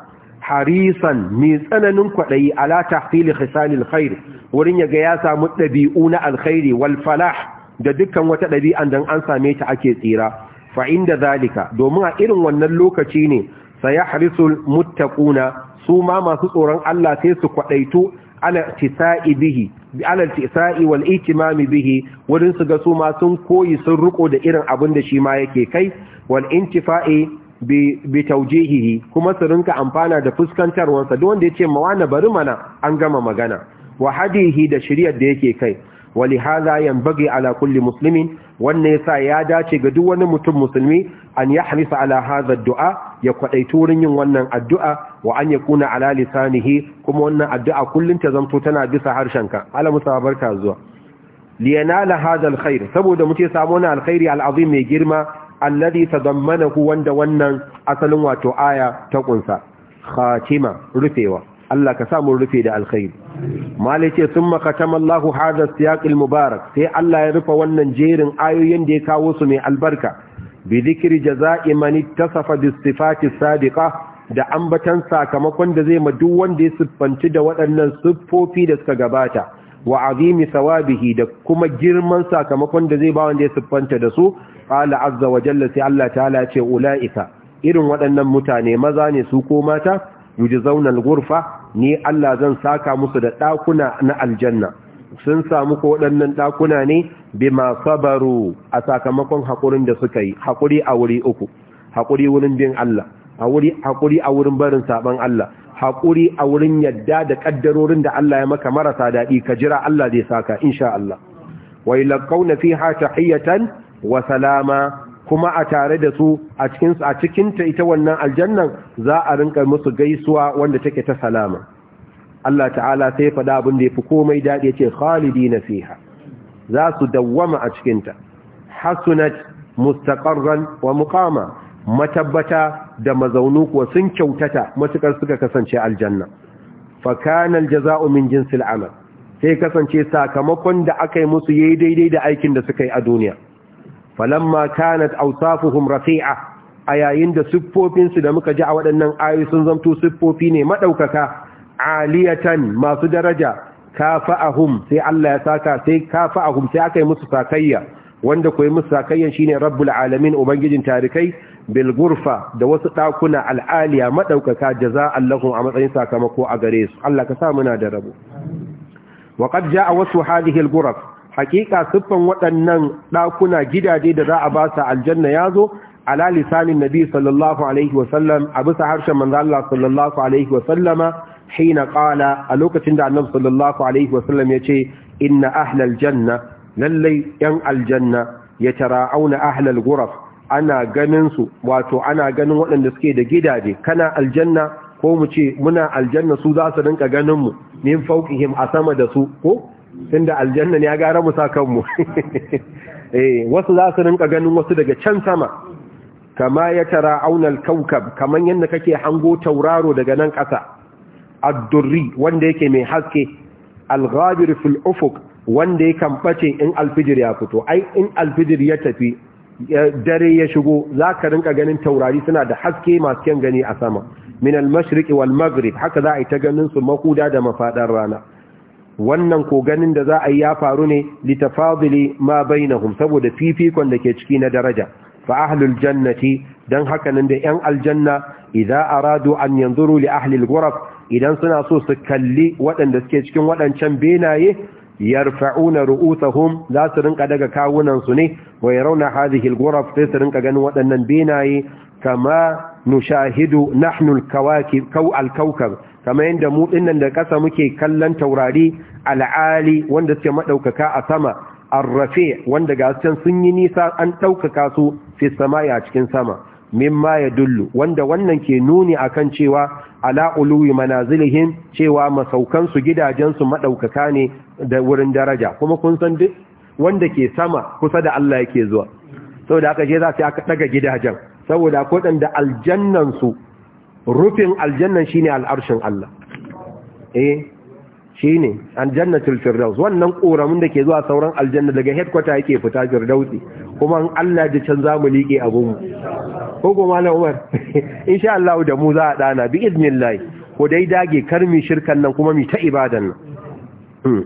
S1: harisan mai tsananin kwaɗayi ala tahsili khisalil khair wurin yaga ya samu ɗabi'u na alkhairi wal falah da dukkan wata ɗabi'an dan an same ta ake tsira fa inda zalika domin a irin wannan lokaci ne sayahrisul muttaquna su ma masu tsoron Allah sai su kwaɗaitu ala tisa'i bihi alal tisa'i wal ihtimami bihi wurin su ga su ma sun koyi sun riko da irin abin da shi ma yake kai wal intifa'i bi tawjihihi kuma su rinka amfana da fuskantarwansa duk wanda yace mawana bari mana an gama magana wa hadihi da shiriyar da yake kai wali hadha yanbaghi ala kulli muslimin wannan yasa ya dace ga duk wani mutum musulmi an ya halisa ala du'a ya kwaɗaitu wurin yin wannan addu'a wa an ya kuna ala lisanihi kuma wannan addu'a kullum ta zamto tana bisa harshenka ala musa barka zuwa liyanala hazal khair saboda muke samu na alkhairi al'azim mai girma alladhi tadammanahu wanda wannan asalin wato aya ta kunsa khatima rufewa Allah ka samu rufe da alkhairi Maliki thumma khatama Allahu hadha siyaqil mubarak sai Allah ya rufe wannan jerin ayoyin da ya kawo su mai albarka bi zikri jaza'i man ta Safa sifati sadiqa da ambatan sakamakon da zai ma duk wanda ya siffanci da waɗannan siffofi da suka gabata wa azimi sawabihi da kuma girman sakamakon da zai ba wanda ya siffanta da su qala azza wa jalla sai Allah ta'ala ce ulaika irin waɗannan mutane maza ne su ko mata yujzauna al gurfa, ni Allah zan saka musu da ɗakuna na aljanna sun samu ko waɗannan ɗakuna ne bima sabaru a sakamakon haƙurin da suka yi haƙuri a wuri uku haƙuri wurin bin Allah haƙuri a wurin barin saɓan Allah haƙuri a wurin yadda da ƙaddarorin da Allah ya maka marasa daɗi ka jira Allah zai saka insha Allah wai na fi ha hayyatan wa salama kuma a tare da su a cikinta ita wannan aljannan za a rinka musu gaisuwa wanda take ta salama Allah ta'ala sai faɗa abin da ya fi komai daɗi ce khalidi na fiha za su dawwama a cikinta hasunat mustaqarran wa muqama matabbata da mazaunu kuwa sun kyautata matukar suka kasance aljanna fa kana aljaza'u min jinsil amal sai kasance sakamakon da aka yi musu yayi daidai da aikin da suka yi a duniya falamma kanat awsafuhum rafi'a a yayin da siffofinsu da muka ji a waɗannan ayoyi sun zamto siffofi ne madaukaka aliyatan masu daraja kafa'ahum sai Allah ya saka sai kafa'ahum sai aka yi musu sakayya wanda koyi musu sakayyan shine rabbul alamin ubangijin tarikai bil da wasu ɗakuna al'aliya madaukaka jaza'an lahum a matsayin sakamako a gare su Allah ka sa muna da rabo wa ja a wasu hadhihi al ghuraf siffan waɗannan ɗakuna gidaje da za a ba su aljanna ya ala lisanin nabi sallallahu alaihi wa a bisa harshen manzo Allah sallallahu alaihi hina qala a lokacin da annabi sallallahu alaihi wasallam yace inna ahlal janna lallai yan aljanna yatara'auna ahlal ghuraf ana ganin wato ana ganin waɗanda suke da gidaje kana aljanna ko mu ce muna aljanna su za su rinka min fawqihim a sama da su ko tunda aljanna ne ya gara mu sa kanmu eh, wasu za su ganin wasu daga can sama kama ya tara aunal kaukab kaman yadda kake hango tauraro daga nan ƙasa ad-durri wanda yake mai haske al-ghabir fil ufuq wanda yakan ɓace in alfijir ya fito ai in alfijir ya tafi dare ya shigo zaka rinka ganin taurari suna da haske masu kyan gani a sama min al-mashriq wal maghrib haka za a yi ta ganin su makuda da mafadar rana wannan ko ganin da za a yi ya faru ne litafadili ma bainahum saboda fifikon da ke ciki na daraja fa ahlul jannati dan haka nan da yan aljanna idza aradu an yanzuru li ahli al-ghuraf idan suna so su kalli waɗanda suke cikin waɗancan benaye ru'usa ru'usahum za su rinka daga kawunansu ne wa rauna hadhihi hilgora sai su rinka ganin waɗannan benaye kama nushahidu nahnu kawakib kaw al kama yadda mu ɗinnan da ƙasa muke kallon taurari al'ali, wanda suke madaukaka a sama Arrafe wanda ga can sun yi nisa an ɗaukaka su fi ya cikin sama mimma dullu. wanda wannan ke nuni akan cewa ala uluwi manazilihim cewa masaukansu gidajensu maɗaukaka ne da wurin daraja kuma kun san duk wanda ke sama kusa da Allah yake zuwa saboda aka je za su aka daga gidajen saboda kodan da aljannan su rufin aljannan shine al'arshin Allah eh shine aljannatul firdaus wannan koramin da ke zuwa sauran aljanna daga headquarter yake fita firdausi kuma Allah ya canza mu liƙe abun mu ko ko malam umar insha Allah da mu za a dana bi iznillahi ko dai dage karmi shirkan nan kuma mi ta ibadan nan hmm.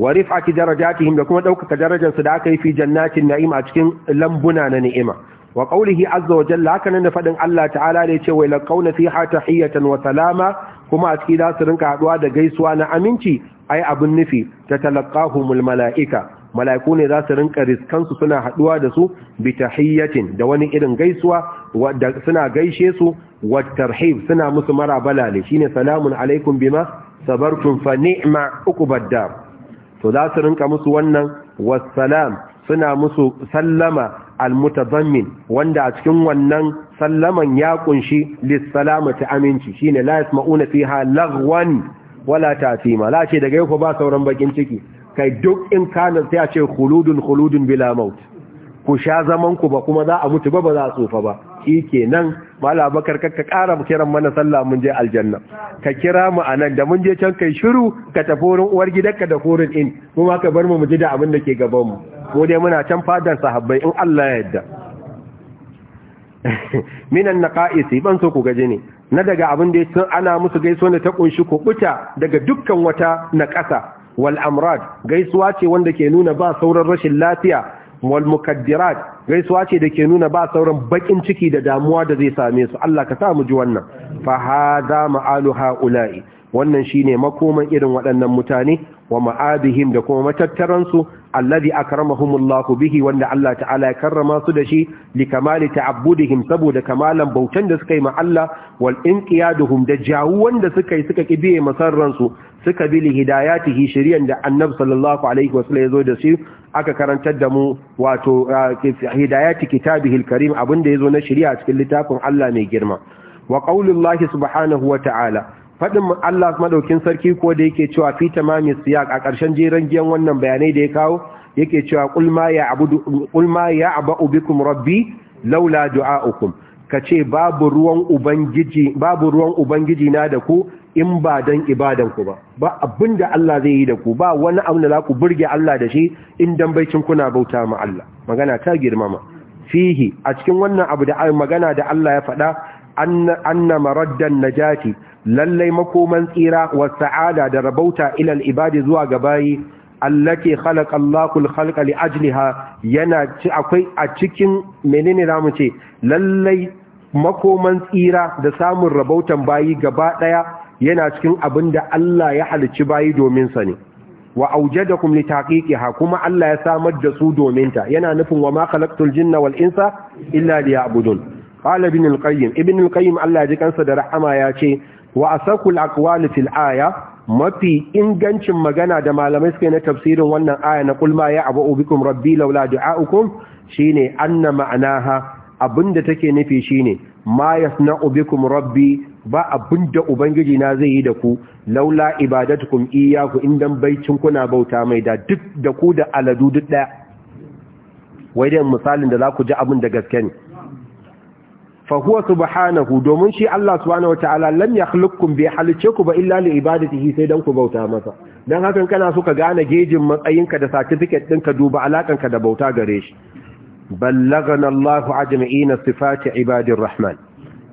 S1: wa rif'ati darajatihim da kuma daukaka darajar su da aka yi fi jannatin na'im a cikin lambuna na ni'ima wa qawlihi azza wa jalla haka nan da fadin Allah ta'ala da yace wa laqawna fiha tahiyatan wa salama kuma a za su rinka haduwa da gaisuwa na aminci ai abun nufi ta talaqahumul mala'ika mala'iku ne za su rinka riskansu suna haduwa da su bi tahiyyatin da wani irin gaisuwa wadda suna gaishe su wa tarhib suna musu marabala ne shine salamun alaikum bima sabartum fa ni'ma uqbad dar to za su rinka musu wannan wassalam suna musu sallama almutazammin wanda a cikin wannan sallaman ya kunshi lissalamati aminci shine la yasma'una fiha laghwan wala ta'tima la ce daga yau ba sauran bakin ciki kai duk in kana sai a ce khuludun khuludun bila maut ku sha zaman ku ba kuma za a mutu ba ba za a tsufa ba shikenan mala bakar kakka kara kiran mana sallah mun je aljanna ka kira mu anan da mun je can kai shiru ka tafi wurin uwar gidanka da korin in kuma ka bar mu mu ji da abin da ke gaban mu mu dai muna can fadan sahabbai in Allah ya yarda minan naqaisi ban so ku gaje ne na daga abin da ana musu gaiso ne ta kunshi kubuta daga dukkan wata na ƙasa. wal gaisuwa ce wanda ke nuna ba sauran rashin lafiya wal gaisuwa ce da ke nuna ba sauran baƙin ciki da damuwa da zai same su Allah ka sa mu ji wannan fa hadha ma'alu haula'i wannan shine makoman irin waɗannan mutane wa ma'adihim da kuma matattaransu alladhi akramahumullahu bihi wanda Allah ta'ala ya karrama su da shi likamali kamali ta'abbudihim saboda kamalan bautan da suka yi ma Allah wal inqiyaduhum da jawu wanda suka yi suka kibiye su suka bi li hidayatihi shari'an da Annabi sallallahu alaihi wasallam ya zo da shi aka karantar da mu wato hidayati kitabihil karim abinda yazo na shari'a cikin littafin Allah mai girma wa qaulullahi subhanahu wa ta'ala faɗin Allah madaukin sarki ko da yake cewa fi tamami siyaq a ƙarshen jeran giyan wannan bayanai da ya kawo yake cewa qul ma ya abudu qul ma ya abu bikum rabbi laula du'aukum kace babu ruwan ubangiji babu ruwan ubangiji na da ku in ba dan ibadan ku ba ba abinda Allah zai yi da ku ba wani abu da za ku burge Allah da shi in dan baicin kuna bauta ma Allah magana ta girmama fihi a cikin wannan abu da magana da Allah ya faɗa anna maraddan najati lallai makoman tsira wa sa'ada da rabauta ilal ibadi zuwa ga bayi allake khalaqa Allahul khalqa li ajliha yana ci akwai a cikin menene zamu ce lallai makoman tsira da samun rabautan bayi gaba daya yana cikin abinda Allah ya halicci bayi domin sa ne wa aujadakum litaqiqiha kuma Allah ya samar da su domin ta yana nufin wa ma khalaqtul jinna wal insa illa liya'budun qala ibn al-qayyim ibn al-qayyim Allah ya ji kansa da rahama ya ce wa asakul aqwali fil aya mafi ingancin magana da malamai suka na tafsirin wannan aya na qul ma ya a bikum rabbi laula du'aukum shine anna ma'naha abinda take nufi shine ma yasna'u bikum rabbi ba abinda ubangiji na zai yi da ku laula ibadatukum iyyaku indan baitin kuna bauta mai da duk da ku da aladu duk daya wai dai misalin da za ku ji abin da gaske ne Fahuwa subhanahu domin shi Allah subhanahu wataala lam yakhluqukum bi halice ku ba illa li ibadatihi sai dan ku bauta masa dan hakan kana so ka gane gejin matsayinka da certificate ɗinka duba alakanka da bauta gare shi ballagana Allahu ajma'ina sifati ibadir rahman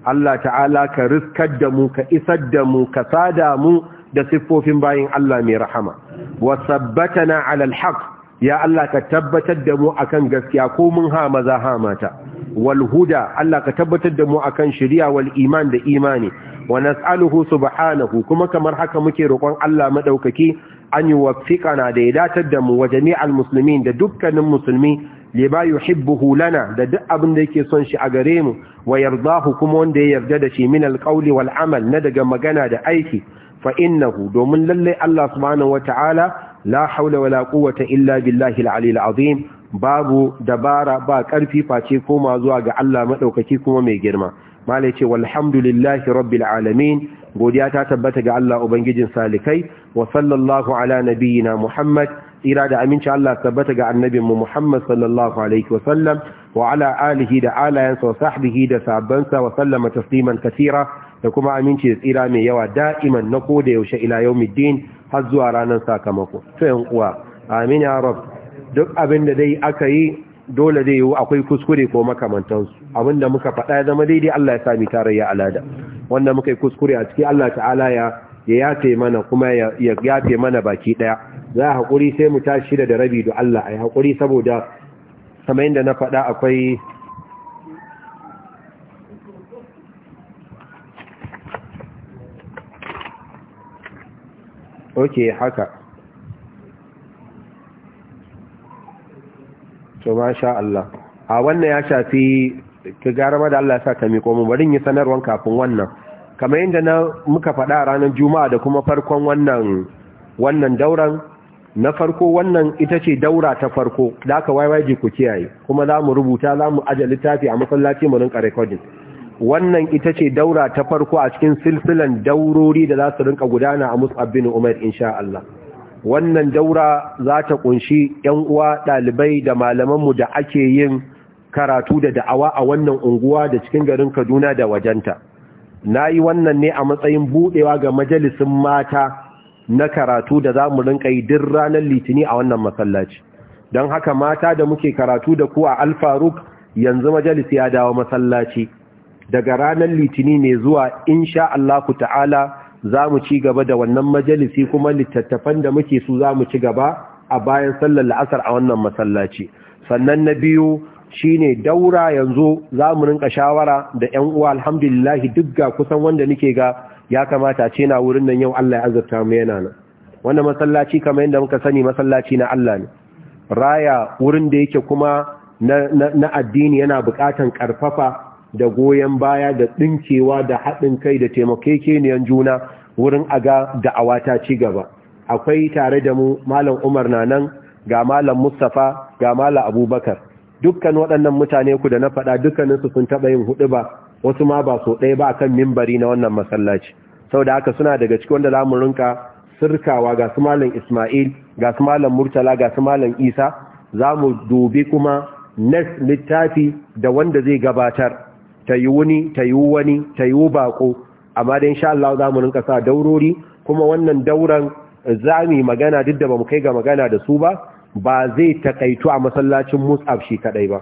S1: Allah ta'ala ka riskar da mu ka isar da mu ka sada mu da siffofin bayin Allah mai rahama wa sabbatana ala alhaq ya Allah ka tabbatar da mu akan gaskiya ko mun ha maza ha mata wal huda Allah ka tabbatar da mu akan shari'a wal iman da imani wa nas'aluhu subhanahu kuma kamar haka muke roƙon Allah madaukaki an yuwaffiqana da ya datar da mu wa jami'al muslimin da dukkanin musulmi lima yuhibbuhu lana da duk abin da yake son shi a gare mu wa yardahu kuma wanda ya yarda da shi min alqawli wal amal na daga magana da aiki fa innahu domin lalle Allah subhanahu wataala la haula wala quwwata illa billahi al-aliyyil azim babu dabara ba karfi face koma zuwa ga Allah madaukaki kuma mai girma mala ce walhamdulillahi rabbil alamin godiya ta tabbata ga Allah ubangijin salikai wa sallallahu ala nabiyyina muhammad tsira da aminci Allah tabbata ga annabin mu muhammad sallallahu alaihi wa sallam wa ala alihi da alayansa wa sahbihi da sabansa wa sallama tasliman kathira da kuma aminci da tsira mai yawa da'iman na koda yaushe ila yau middin har zuwa ranar sakamako to yan uwa amin ya rab duk abin da dai aka yi dole zai yiwu akwai kuskure ko makamantansu da muka faɗa ya zama daidai Allah ya sami tarayya alada wanda muka yi kuskure a ciki Allah ta'ala ya ya yafe mana kuma ya yafe mana baki ɗaya za a haƙuri sai mu tashi da rabi da Allah ai hakuri saboda kamar inda na faɗa akwai ok haka to masha Allah a wannan ya shafi ka gara da Allah ya sa ka miƙo mu bari yi sanarwan kafin wannan kamar yadda na muka faɗa ranar juma'a da kuma farkon wannan dauran na farko wannan ita ce daura ta farko da aka yyg ku kiyaye kuma za mu rubuta za mu aje littafi a masallaci mu rinka recording wannan ita ce daura ta farko a cikin silsilan daurori da za su rinka gudana a musu bin umar insha Allah wannan daura za ta kunshi yan uwa dalibai, da malamanmu da ake yin karatu da da'awa a wannan unguwa da cikin garin Kaduna da wajenta na yi wannan ne a matsayin buɗewa ga majalisun mata na karatu da za mu rinka yi duk ranar litini a wannan masallaci don haka mata da muke karatu da ku a alfaruk yanzu majalisi ya dawo masallaci daga ranar litini ne zuwa insha Allah ta'ala za mu ci gaba da wannan majalisi kuma littattafan da muke su za mu ci gaba a bayan sallar la'asar a wannan masallaci sannan na biyu shi ne daura yanzu za mu rinka shawara da yan uwa alhamdulillahi duk ga kusan wanda nake ga ya kamata ce na wurin nan yau Allah ya azurta mu yana nan wannan masallaci kamar yadda muka sani masallaci na Allah ne raya wurin da yake kuma na addini yana bukatan karfafa da goyon baya da ɗinkewa da haɗin kai da taimakekeniyan juna wurin aga da'awa ta ci gaba akwai tare da mu malam umar na nan ga malam mustapha ga malam abubakar dukkan waɗannan mutane ku da na faɗa dukkaninsu sun taɓa yin huɗu ba wasu ma ba so ɗaya ba kan mimbari na wannan masallaci sau da haka suna daga cikin wanda za mu rinka sirkawa ga su malam ismail ga su malam murtala ga su malam isa za mu dubi kuma nas littafi da wanda zai gabatar ta yi wuni ta yi wani ta yi bako amma da insha Allah za mu rinka sa daurori kuma wannan dauran zami magana duk da bamu kai ga magana da su ba ba zai takaitu a masallacin mus'ab shi kadai ba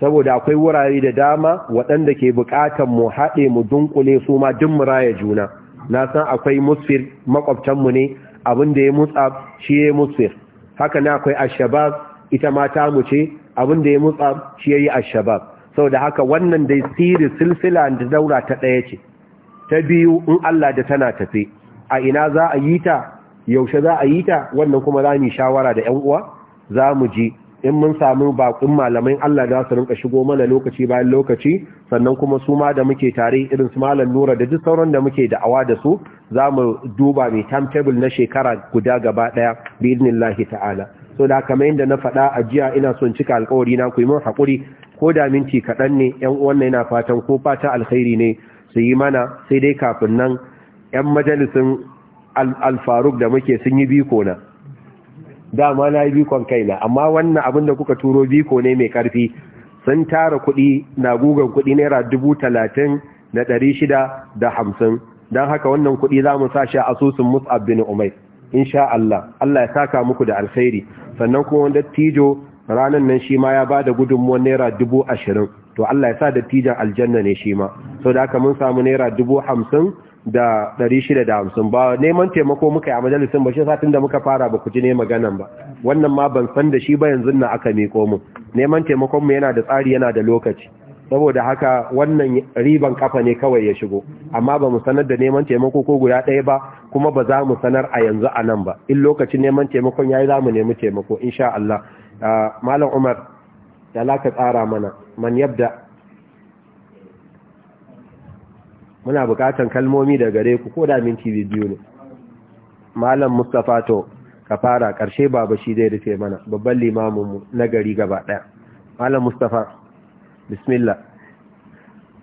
S1: saboda akwai wurare da dama waɗanda ke buƙatar mu haɗe mu dunkule su ma duk mu raya juna na san akwai musfir makwabtan mu ne abin da ya mus'ab shi ya musfir haka na akwai ashabab ita mata mu ce abin da ya mus'ab shi yayi ashabab Sau da haka wannan dai siri silsila da daura ta ɗaya ce ta biyu in Allah da tana tafe a ina za a yi ta yaushe za a yi ta wannan kuma za mu shawara da ƴan uwa za mu ji in mun samu baƙin malamai Allah da su rinka shigo mana lokaci bayan lokaci sannan kuma su ma da muke tare irin su malam Nura da duk sauran da muke da'awa da su za mu duba mai timetable na shekara guda gaba ɗaya bi idnillahi ta'ala so da kamar yadda na faɗa a jiya ina son cika alƙawari na ku yi mun haƙuri ko da minti kaɗan ne ‘yan uwan yana fatan ko fata alkhairi ne su yi mana sai dai kafin nan ‘yan majalisun alfaruk da muke sun yi biko na dama na yi bikon kaina amma wannan abin da kuka turo biko ne mai ƙarfi sun tara kuɗi na gugan kuɗi naira dubu talatin da ɗari shida da hamsin don haka wannan kuɗi za mu sa shi a asusun mus'ab bin umar insha Allah Allah ya saka muku da alkhairi sannan kuma wanda tijo ranar nan shi ma ya ba da gudunmuwan naira dubu ashirin to Allah ya sa da tijan aljanna ne shi ma sau da aka mun samu naira dubu hamsin da ɗari shida da hamsin ba neman taimako muka yi a majalisun ba shi satin da muka fara ba ku ji ne maganan ba wannan ma ban san da shi ba yanzu na aka miko mu neman taimakon mu yana da tsari yana da lokaci saboda haka wannan riban kafa ne kawai ya shigo amma ba mu sanar da neman taimako ko guda ɗaya ba kuma ba za mu sanar a yanzu a nan ba in lokacin neman taimakon ya yi za mu nemi taimako insha Allah Ah, malam umar da laka tsara mana man yabda muna bukatan kalmomi da gare ku ko da minti biyu ne malam mustapha to ka fara karshe baba shi zai rufe mana babban limaminmu na gari gaba ɗaya. malam mustapha bismillah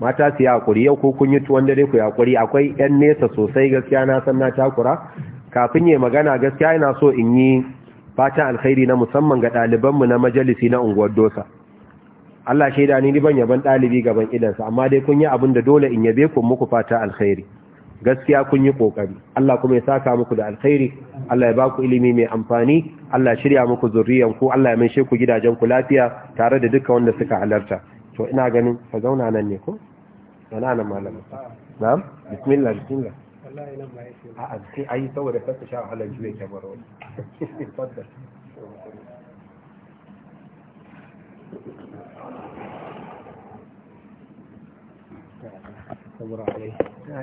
S1: mata su yi haƙuri, yau ko kun yi tuwon dare ku yi haƙuri? akwai yan nesa sosai gaskiya na san na takura kafin yi magana gaskiya yana so in yi fatan alkhairi na musamman ga ɗalibanmu na majalisi na unguwar dosa Allah da ni ban yaban ɗalibi gaban idansa amma dai kun yi abin da dole in yabe ku muku fata alkhairi gaskiya kun yi kokari Allah kuma ya saka muku da alkhairi Allah ya ba ku ilimi mai amfani Allah shirya muku zurriyan ku Allah ya maishe ku gidajen ku lafiya tare da duka wanda suka halarta to ina ganin ka zauna nan ne ko na nan malama na'am bismillah bismillah wallahi nan ba yake a'a sai ai saboda kasa sha wahalar juya kyamar wani faddar صبر عليه